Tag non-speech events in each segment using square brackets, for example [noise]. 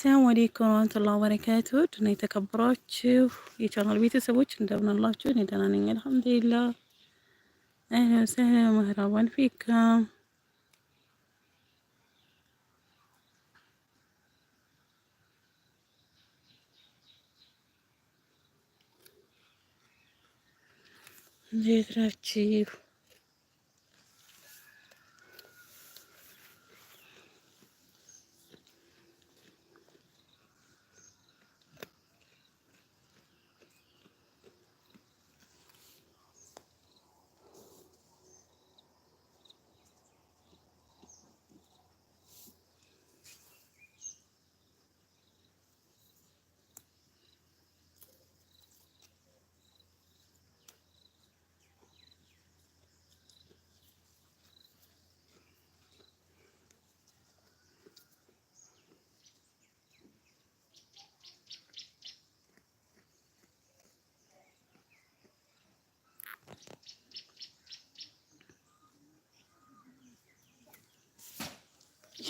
አሰላሙ አለይኩም ወራህመቱላሂ ወበረካቱ ድና የተከበራችሁ የቻናል ቤተሰቦች እንደምን አላችሁ? እኔ ደህና ነኝ አልሐምዱሊላህ። አህለን ወሰህለን መህራባን ፊካ እንዴት ናችሁ?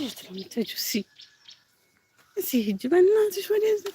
የት ነው የምትሄጂው? እስኪ እስኪ ሂጂ በእናትሽ ወደዚህ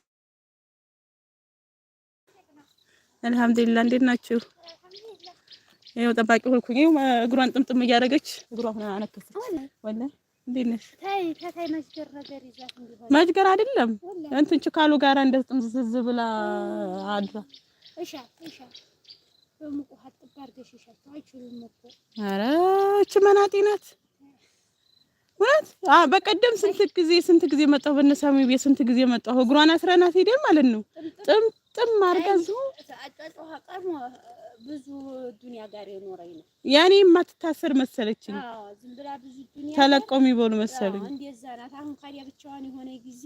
አልሐምዱሊላ እንዴት ናችሁ? ይኸው ጠባቂ ሆንኩኝ። እግሯን ጥምጥም እያደረገች እግሯ ሆነ አነከሰ ወለ እንዴት ነሽ? መጅገር አይደለም እንትን ችካሉ ጋራ እንደ ጥምዝዝ ብላ አድራ እሻ እሻ ኧረ እች መናጤ ናት። እውነት በቀደም ስንት ጊዜ ስንት ጊዜ መጣሁ፣ በነሳሚ ቤት ስንት ጊዜ መጣሁ። እግሯን አስረናት ሄደን ማለት ነው ጥምጥ ጥም አድርጋ ብዙ ዱንያ ጋር የኖረኝ ነው ያኔ የማትታሰር መሰለችኝ። ዝም ብላ ብዙ ዱንያ ተለቀው የሚበሉ መሰለኝ። እንደዛ ናት። አሁን ካዲያ ብቻዋን የሆነ ጊዜ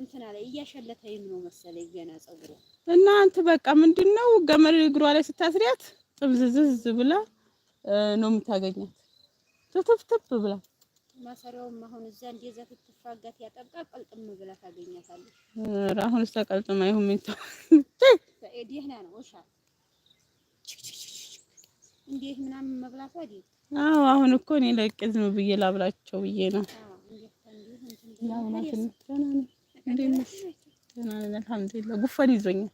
እንትና ላይ እያሸለተኝ ነው መሰለኝ ገና እና አንተ በቃ ምንድን ነው ገመድ እግሯ ላይ ስታስሪያት ጥምዝዝዝ ብላ ነው የምታገኛት ትፍትፍ ብላ ማሰሪያውም አሁን እዛ እንደዛ ትፋጋት ያጠብቃ ቀልጥም ብላ ታገኛታለሽ። አሁን እሷ ቀልጥም አይሁን ምንታ ደህና ነው እሻ እንዴት ምናምን መብላቷ ዲ አዎ አሁን እኮ እኔ ለቄ ዝም ብዬ ላብላቸው ብዬ ነው። አልሐምዱሊላህ። ጉፋን ይዞኛል።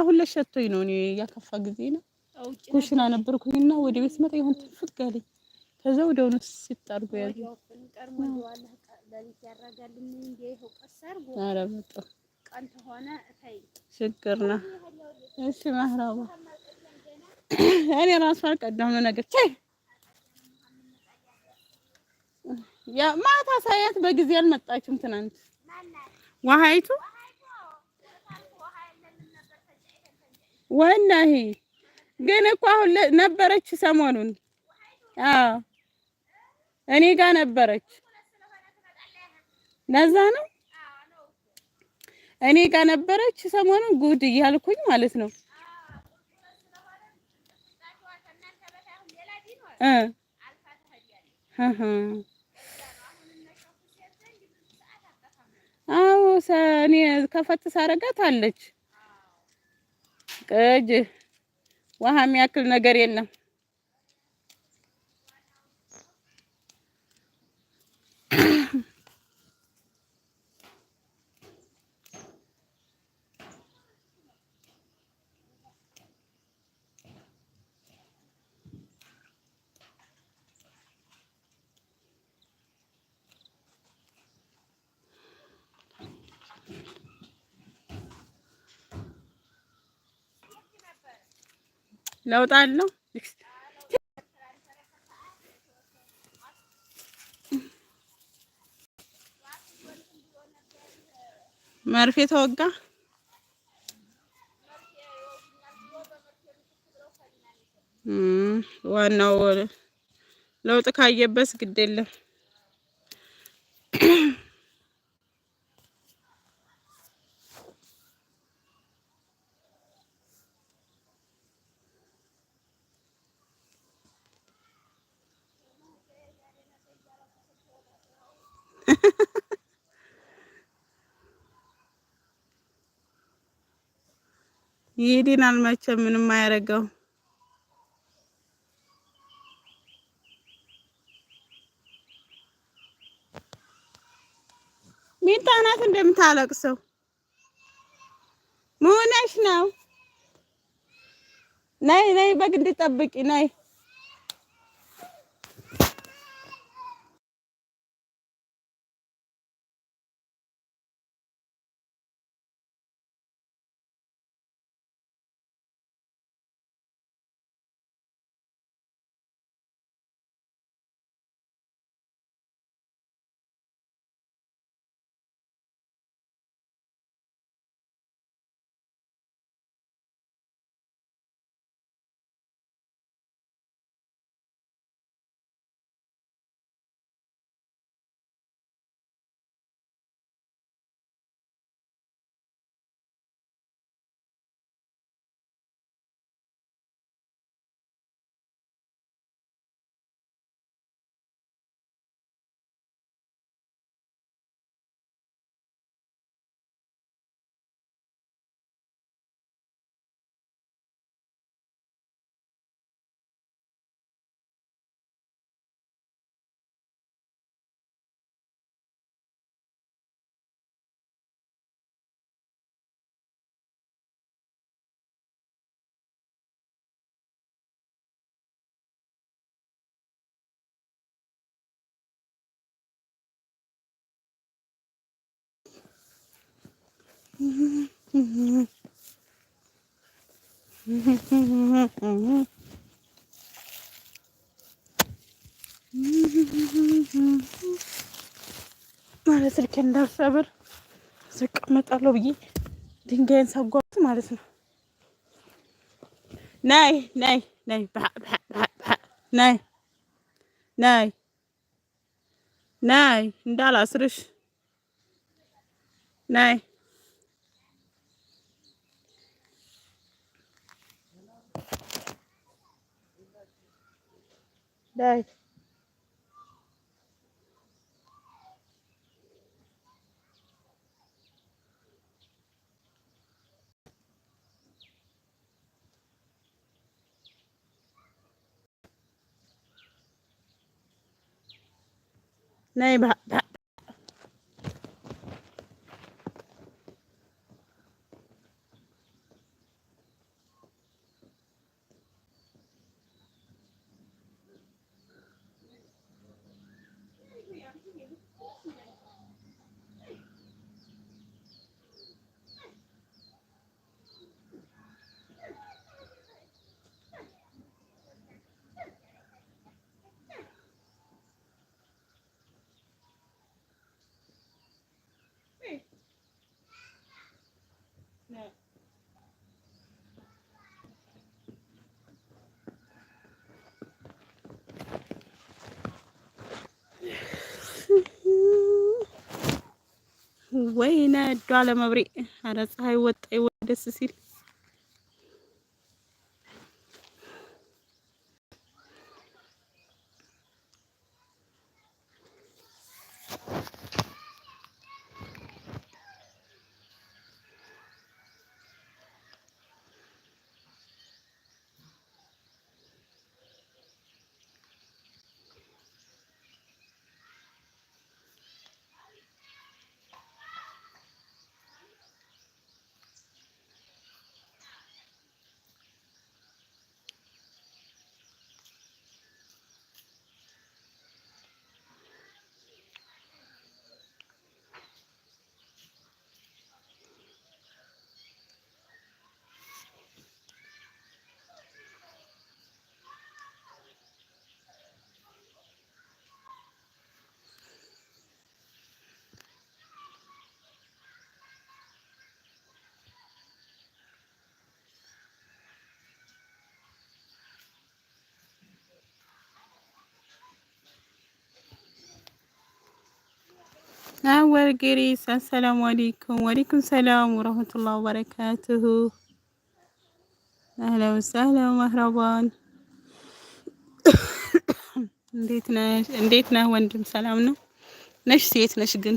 አሁን ለሸቶኝ ነው እኔ ያከፋ ጊዜ ነው ኩሽና ነበርኩኝና ወደ ቤት መጣ ይሁን ትንፍት ጋለኝ። ከዛ ወደ አሁኑ ሲጥ ችግር ነው። እሺ ማህራባ [clears throat] እኔ ራሱ አልቀዳሁም ነገር ያ ማታ ሳያት በጊዜ አልመጣችም። ትናንት ዋሃይቱ ወላሂ ግን እኮ አሁን ነበረች ሰሞኑን። አዎ እኔ ጋር ነበረች። ለዛ ነው እኔ ጋር ነበረች ሰሞኑን ጉድ እያልኩኝ ማለት ነው አዎ እኔ ከፈት ሳረጋት አለች ቅጅ ውሃ የሚያክል ነገር የለም። ለውጥ አለው። መርፌ ተወጋ። ዋናው ለውጥ ካየበት ግድ የለም። ይሄድን አልመቸም ምንም አያደርገው። ሚጣ ናት እንደምታለቅሰው መሆነሽ ነው። ነይ ነይ በግ እንድጠብቂ ነይ ማለት ስልክ እንዳልሰብር ስቀመጣለሁ ብዬ ድንጋይን ሳጓት ማለት ነው። ናይ ናይ ናይ ናይ ናይ ናይ እንዳላስርሽ ናይ đây này bạn ወይ ነዶ አለመብሬ አረ ፀሐይ ወጣ ደስ ሲል አወርጌሬስ አሰላሙ አሌይኩም ወአሌይኩም ሰላም ወረህመቱላሂ ወበረካቱሁ። አህለን ወሰህለን መህረባን። እንዴት ነህ ወንድም? ሰላም ነው ነሽ? ሴት ነሽ ግን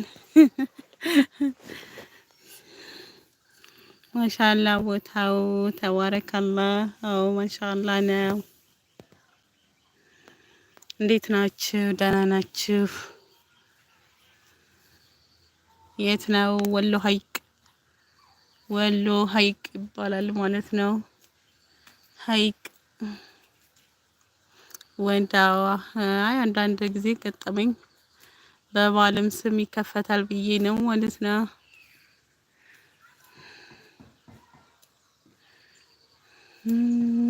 ማሻላ ቦታው ተባረከላ። ው ማሻላ ነው። እንዴት ናችሁ? ደህና ናችሁ? የት ነው? ወሎ ሐይቅ ወሎ ሐይቅ ይባላል ማለት ነው። ሐይቅ ወንዳዋ። አይ አንዳንድ ጊዜ ገጠመኝ በባለም ስም ይከፈታል ብዬ ነው ማለት ነው።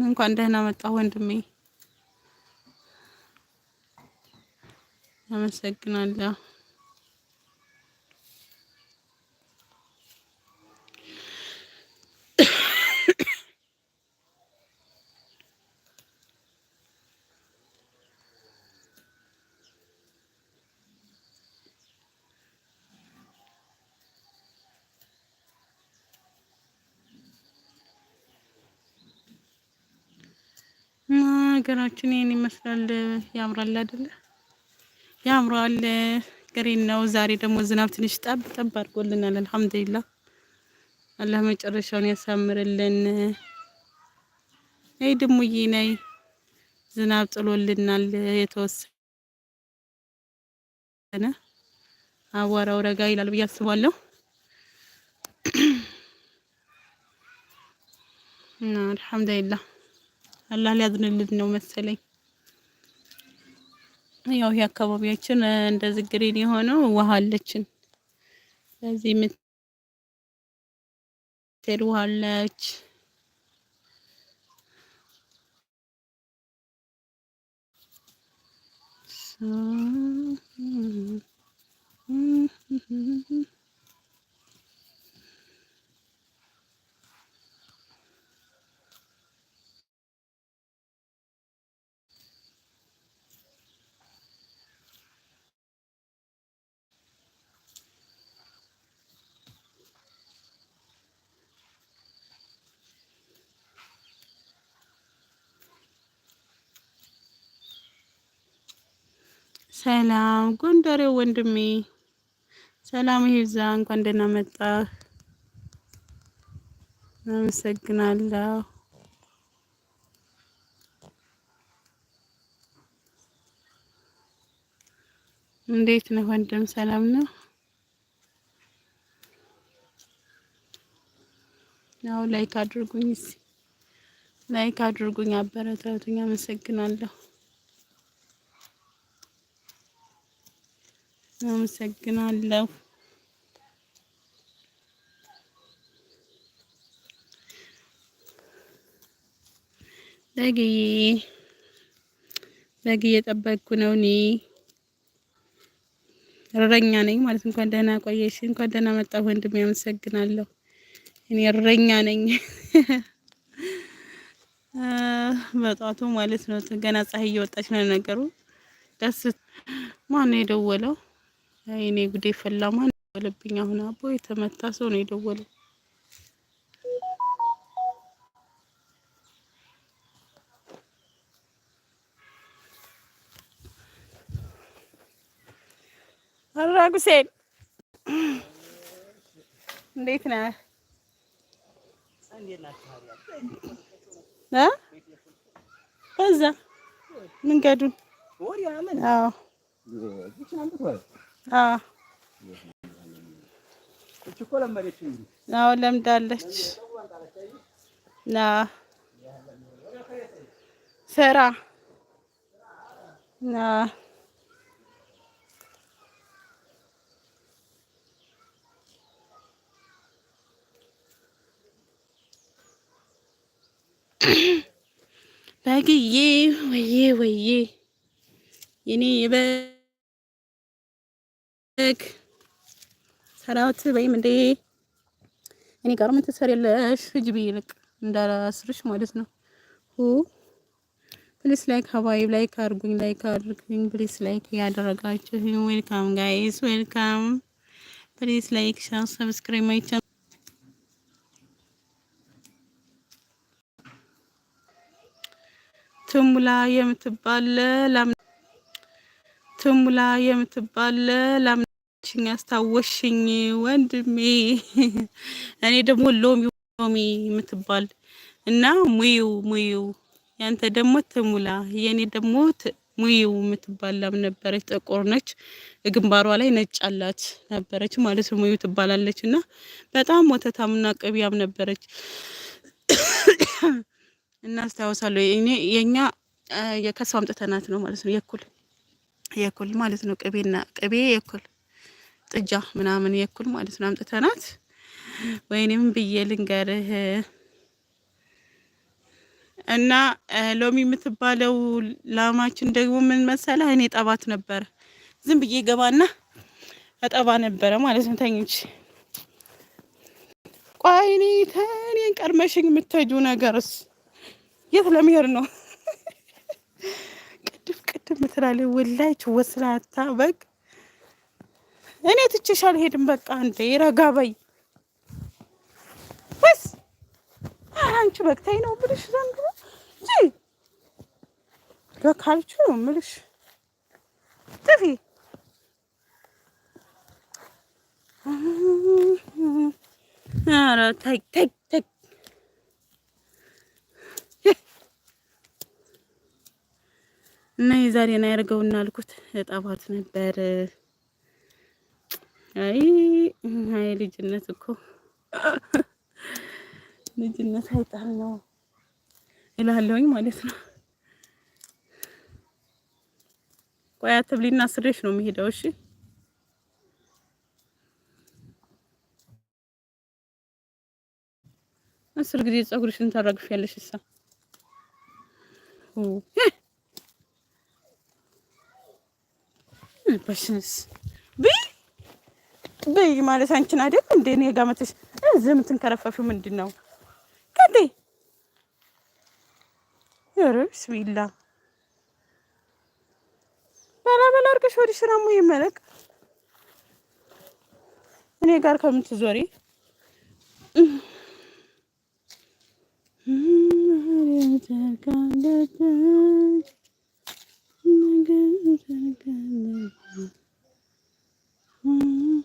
እንኳን ደህና መጣ ወንድሜ፣ አመሰግናለሁ። ነገራችን ይህን ይመስላል። ያምራል አይደለ? ያምራል። ግሪን ነው። ዛሬ ደግሞ ዝናብ ትንሽ ጠብ ጠብ አድርጎልናል። አልሐምዱሊላህ አላህ መጨረሻውን ያሳምርልን። ይህ ድሙዬ ነይ። ዝናብ ጥሎልናል የተወሰነ አቧራው ረጋ ይላል ብዬ አስባለሁ። [clears throat] እና አልሐምዱሊላህ አላህ ሊያዝንልን ነው መሰለኝ። ያው ይሄ አካባቢያችን እንደዚህ ግሪን የሆነው ውሃ አለችን። ለዚህ ምትል ውሃ አለች። ሶ ሰላም ጎንደሬው ወንድሜ ሰላም ይብዛ። እንኳን ደህና መጣህ። አመሰግናለሁ። እንዴት ነው ወንድም? ሰላም ነው? ያው ላይክ አድርጉኝ፣ ላይክ አድርጉኝ፣ አበረታቱኝ። አመሰግናለሁ። አመሰግናለሁ። ዘግዬ ዘግዬ ጠበቅኩ ነው። እኔ እረኛ ነኝ ማለት እንኳን ደህና ቆየሽ፣ እንኳን ደህና መጣ ወንድሜ፣ አመሰግናለሁ። እኔ እረኛ ነኝ በጧቱ [laughs] ማለት ነው። ገና ፀሐይ እየወጣች ነው ነገሩ። ደስ ማን ነው የደወለው? የኔ ጉዴ ፈላማ ደወለብኝ። አሁን አቦ የተመታ ሰው ነው የደወለው። አራጉሴን እንዴት ነህ? በዛ መንገዱን አዎ ለምዳለች። ስራ በግዬ ወዬ ወዬ የኔ ሰራውት በይም እንዴ እኔ ጋር ምን ትሰሪያለሽ? ሂጅ ይልቅ እንዳላስርሽ ማለት ነው። ሁ ፕሊስ ላይክ ሀባይብ ላይክ አድርጉኝ፣ ላይክ አድርጉኝ ፕሊስ ላይክ ያደረጋችሁ ዌልካም ጋይስ ዌልካም ፕሊስ ላይክ ሻር ሰብስክራይብ ማይ ቻናል ትሙላ የምትባል ላም ትሙላ የምትባል ላምናችኝ ያስታወሽኝ ወንድሜ። እኔ ደግሞ ሎሚ ሎሚ የምትባል እና ሙዩ ሙዩ ያንተ ደግሞ ትሙላ የኔ ደግሞ ሙዩ የምትባል ላም ነበረች። ጥቁር ነች፣ ግንባሯ ላይ ነጭ አላት ነበረች ማለት ሙዩ ትባላለች። እና በጣም ወተታምና ቅቢያም ነበረች [coughs] እና አስታውሳለሁ። የኛ ከሷ አምጥተናት ነው ማለት ነው የኩል የኩል ማለት ነው። ቅቤና ቅቤ የኩል ጥጃ ምናምን የኩል ማለት ነው። አምጥተናት ወይንም ብዬ ልንገርህ እና ሎሚ የምትባለው ላማችን ደግሞ ምን መሰለህ፣ እኔ ጠባት ነበረ ዝም ብዬ ገባና አጠባ ነበረ ማለት ነው። ተኝች ቋይኒ ተኔን ቀድመሽኝ የምትሄጂው ነገርስ የት ለመሄድ ነው? ቅድም ትላለች ወላች ወስላታ በቅ እኔ ትችሽ አልሄድም። በቃ እንደ ይረጋ በይ ወስ አንቺ በቅታይ ነው ብልሽ ዘንድሮ በካልቹ ነው ምልሽ ጥፊ ኧረ ተይ ተይ ተይ እና የዛሬ የዛሬን አያርገውና አልኩት እጣባት ነበር። አይ አይ ልጅነት እኮ ልጅነት አይጣል ነው እላለሁኝ ማለት ነው። ቆይ አትብሊና ስሬሽ ነው የሚሄደው። እሺ አስር ጊዜ ፀጉርሽን ታራግፊያለሽ እሳ በሽንስ ብይ ብይ ማለት አንቺን አይደል እንደ እኔ ጋር መተሽ እዚህ የምትንከረፈፊው ምንድን ነው? ከዴ ኧረ ብስሚላ በላ በላ አድርገሽ ወደ ስራ ሙ ይመለቅ እኔ ጋር ከምትዞሪ Mm-hmm.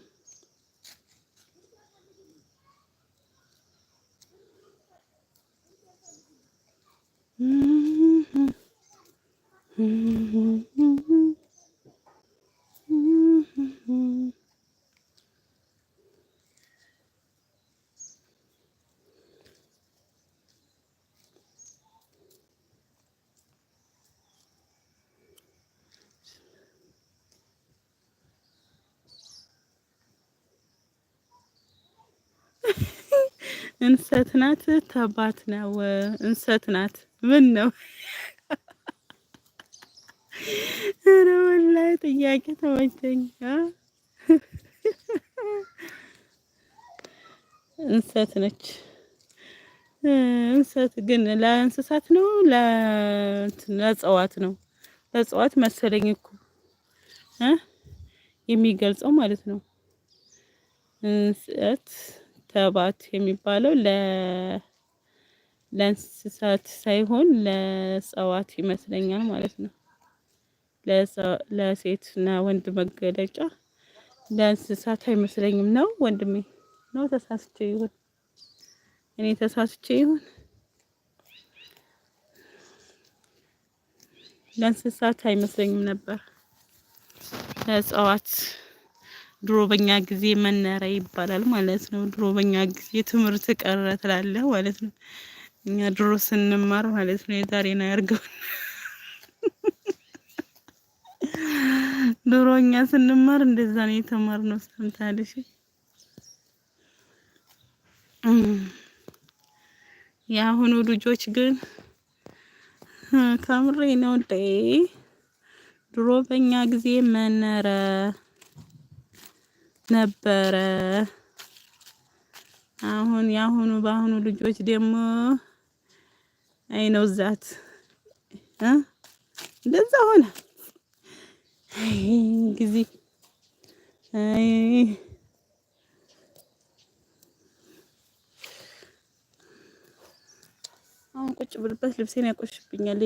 እንሰት ናት ተባት ነው እንሰት ናት። ምን ነው ኧረ ወላሂ ጥያቄ ተመቸኝ። እንሰት ነች። እንሰት ግን ለእንስሳት ነው ለእጽዋት ነው ለእጽዋት መሰለኝ እኮ የሚገልጸው ማለት ነው እንሰት ተባት የሚባለው ለእንስሳት ሳይሆን ለእጽዋት ይመስለኛል ማለት ነው። ለሴትና ወንድ መገለጫ ለእንስሳት አይመስለኝም። ነው ወንድሜ ነው ተሳስቼ ይሁን እኔ ተሳስቼ ይሁን ለእንስሳት አይመስለኝም ነበር ለእጽዋት ድሮ በኛ ጊዜ መነሪያ ይባላል ማለት ነው። ድሮ በኛ ጊዜ ትምህርት ቀረ ትላለህ ማለት ነው። እኛ ድሮ ስንማር ማለት ነው ነው አያርገው። ድሮ እኛ ስንማር እንደዛ ነው የተማርነው። ሰምታለሽ? የአሁኑ ልጆች ግን ከምሬ ነው። ድሮ በእኛ ጊዜ መነረ ነበረ። አሁን ያሁኑ በአሁኑ ልጆች ደግሞ አይ ነው ዛት እንደዛ ሆነ። እንግዲህ አሁን ቁጭ ብልበት ልብሴን ያቆሽብኛል።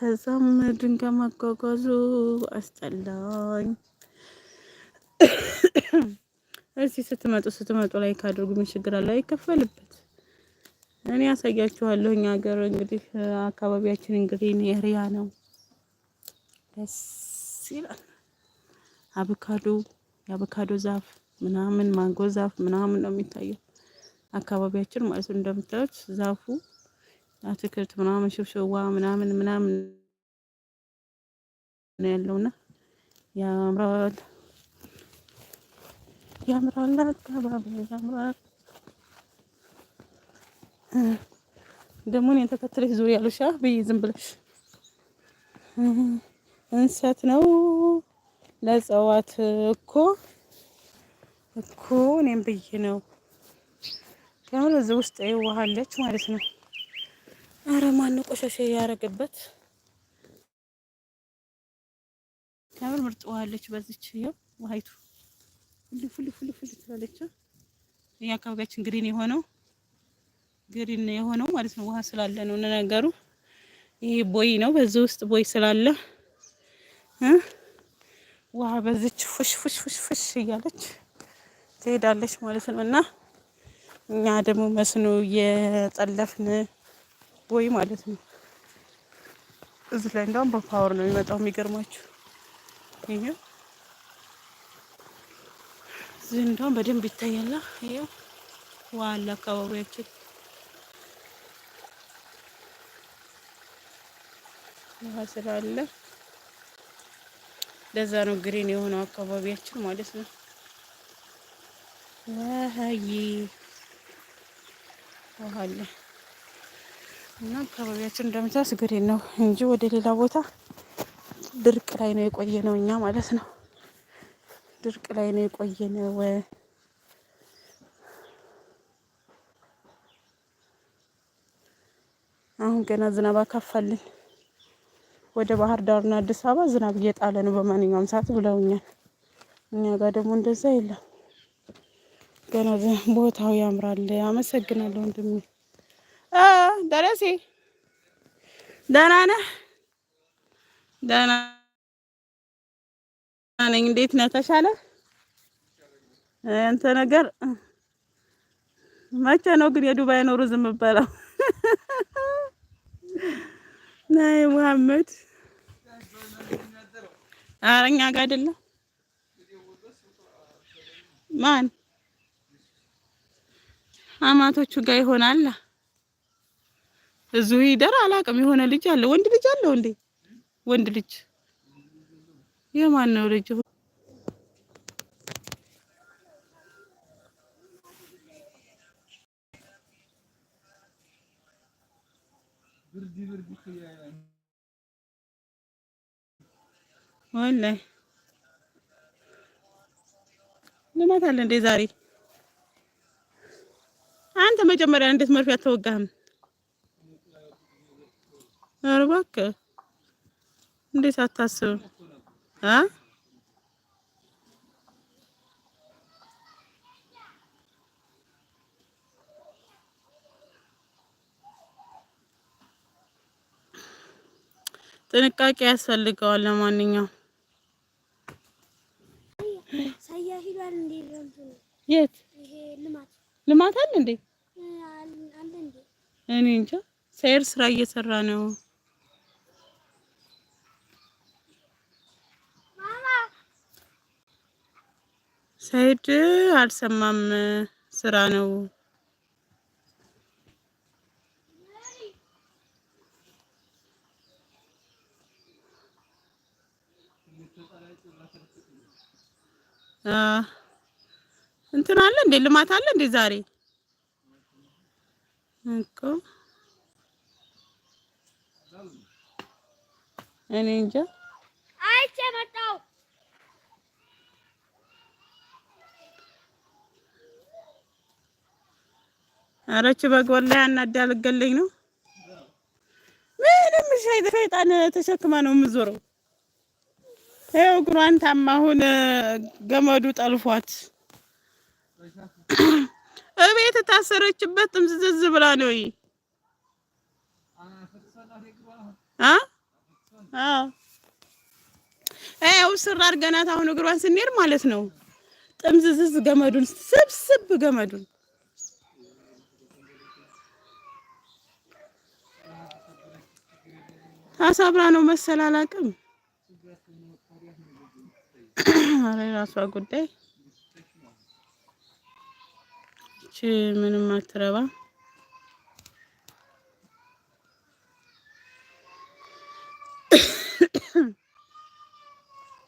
ከዛም ድንጋይ ማጓጓዙ አስጠላኝ። እዚህ ስትመጡ ስትመጡ ላይክ አድርጉ። ምን ችግር አለ? አይከፈልበት። እኔ ያሳያችኋለሁ። እኛ ሀገር እንግዲህ አካባቢያችን እንግዲህ ኤሪያ ነው፣ ደስ ይላል። አቮካዶ የአቮካዶ ዛፍ ምናምን ማንጎ ዛፍ ምናምን ነው የሚታየው አካባቢያችን ማለት ነው። እንደምታዩት ዛፉ አትክልት ምናምን ሽብሽዋ ምናምን ምናምን ነው ያለውና ያምራል። ያምራል፣ አካባቢው ያምራል። ደግሞ እኔን ተከትለሽ ዙሪ ያሉሻ ብዬ ዝም ብለሽ እንሰት ነው ለእጽዋት እኮ እኮ እኔም ብዬ ነው ያምር። እዚህ ውስጥ ይዋሃለች ማለት ነው። አረ ማነው ቆሻሻ ያረገበት? ያምር ምርጥ ውሃለች በዚች ይኸው ውሃይቱ ልፍ ልፍ ልፍ ትላለች። ይህ አካባቢያችን ግሪን የሆነው ግሪን የሆነው ማለት ነው ውሃ ስላለ ነው ነገሩ። ይሄ ቦይ ነው። በዚህ ውስጥ ቦይ ስላለ ውሃ በዚች ፍሽ ፍሽ ፍሽ ፍሽ እያለች ትሄዳለች ማለት ነው። እና እኛ ደግሞ መስኖ እየጠለፍን ቦይ ማለት ነው። እዚህ ላይ እንደውም በፓወር ነው የሚመጣው የሚገርማችሁ ይሄ እዚህ በደንብ ይታያል። ይኸው ዋላ አካባቢያችን ውሃ ስላለ ለዛ ነው ግሪን የሆነው አካባቢያችን ማለት ነው። ዋሀይ ውሃ አለ እና አካባቢያችን እንደምታስ ግሪን ነው እንጂ ወደ ሌላ ቦታ ድርቅ ላይ ነው የቆየ ነው እኛ ማለት ነው። ድርቅ ላይ ነው የቆየነው። አሁን ገና ዝናብ አካፋልን። ወደ ባህር ዳርና አዲስ አበባ ዝናብ እየጣለ ነው በማንኛውም ሰዓት ብለውኛል። እኛ ጋር ደግሞ እንደዛ የለም። ገና ቦታው ያምራል። አመሰግናለሁ ወንድሜ ደረሴ። ደህና ነህ? ደህና ነኝ። እንዴት ነህ? ተሻለ አንተ ነገር መቼ ነው ግን የዱባይ ኖሩ ዝም ብለው ናይ [laughs] መሐመድ አረኛ ጋር አይደለም ማን አማቶቹ ጋር ይሆናል። እዙ ይደር አላውቅም። የሆነ ልጅ አለ ወንድ ልጅ አለው እንዴ? ወንድ ልጅ የማን ነው ልጅ? ወላሂ ልማት አለ እንዴ ዛሬ? አንተ መጀመሪያ እንዴት መርፌ አልተወጋህም? ኧረ እባክህ እንዴት አታስብም? ጥንቃቄ ያስፈልገዋል። ለማንኛውም የት ልማት አለ እንዴ? እኔ እንጃ። ሰይር ስራ እየሰራ ነው። ሰይድ አልሰማም፣ ስራ ነው። እንትን አለ እንዴ? ልማት አለ እንዴ? ዛሬ እኮ እኔ እንጃ አይቼ መጣሁ። አረች በግ ወላሂ አናዳ ነው። ምንም ሸይጣን ተሸክማ ነው የምዞረው። ይኸው እግሯን ታማ አሁን ገመዱ ጠልፏት እቤት ታሰረችበት። ጥምዝዝዝ ብላ ነው ይ አ ስራ አድርገናት አሁን እግሯን ስንሄድ ማለት ነው ጥምዝዝዝ ገመዱን ስብስብ ገመዱን አሳብራ ነው መሰል አላውቅም። ኧረ የራሷ ጉዳይ። እቺ ምንም አትረባ